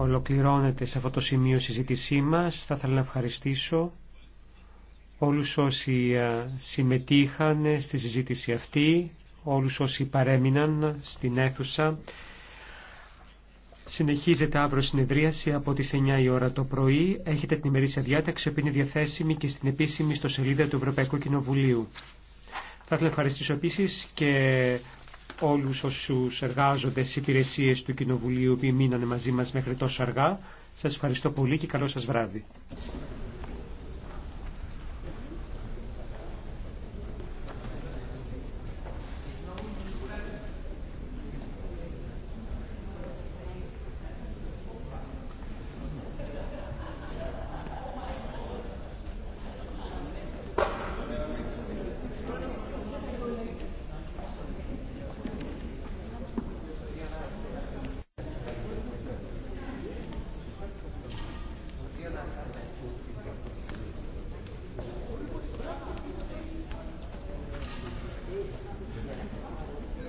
Ολοκληρώνεται σε αυτό το σημείο η συζήτησή μας. Θα ήθελα να ευχαριστήσω όλους όσοι συμμετείχαν στη συζήτηση αυτή, όλους όσοι παρέμειναν στην αίθουσα. Συνεχίζεται αύριο συνεδρίαση από τις 9 η ώρα το πρωί. Έχετε την ημερήσια διάταξη που είναι διαθέσιμη και στην επίσημη στο σελίδα του Ευρωπαϊκού Κοινοβουλίου. Θα ήθελα να ευχαριστήσω επίσης και όλους όσους εργάζονται στις υπηρεσίες του Κοινοβουλίου που μείνανε μαζί μας μέχρι τόσο αργά. Σας ευχαριστώ πολύ και καλό σας βράδυ.